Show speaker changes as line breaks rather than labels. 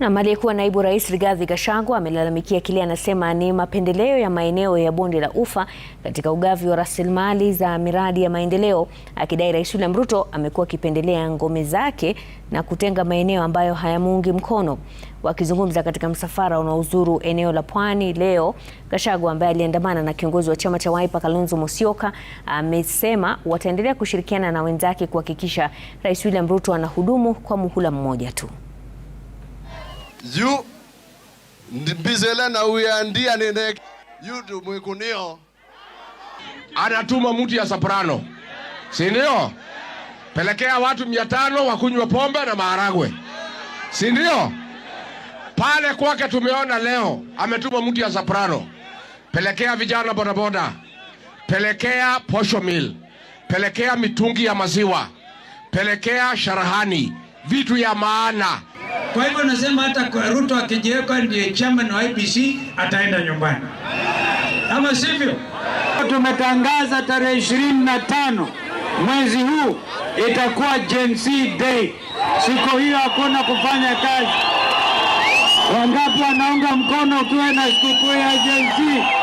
Na aliyekuwa naibu rais Rigathi Gachagua amelalamikia kile anasema ni mapendeleo ya maeneo ya bonde la ufa katika ugavi wa rasilimali za miradi ya maendeleo, akidai Rais William Ruto amekuwa akipendelea ngome zake na kutenga maeneo ambayo hayamuungi mkono. Wakizungumza katika msafara unaozuru eneo la pwani leo, Gachagua ambaye aliandamana na kiongozi wa chama cha Wiper Kalonzo Musyoka amesema wataendelea kushirikiana na wenzake kuhakikisha Rais William Ruto anahudumu kwa muhula mmoja tu
yu mbizele na uyandia nene yudu mwikunio anatuma mtu ya soprano, sindio Pelekea watu mia tano wakunywe pombe na maharagwe, sindio Pale kwake tumeona leo ametuma mtu ya soprano. Pelekea vijana bodaboda, pelekea posho mil pelekea mitungi ya maziwa, pelekea sharahani, vitu ya maana.
Kwa hivyo nasema hata kwa Ruto akijiweka ndiye chairman wa IBC ataenda nyumbani, ama sivyo?
Tumetangaza tarehe ishirini na tano mwezi huu itakuwa Gen Z Day. Siku hiyo hakuna kufanya kazi. Wangapi wanaunga mkono ukiwa na sikukuu ya Gen Z?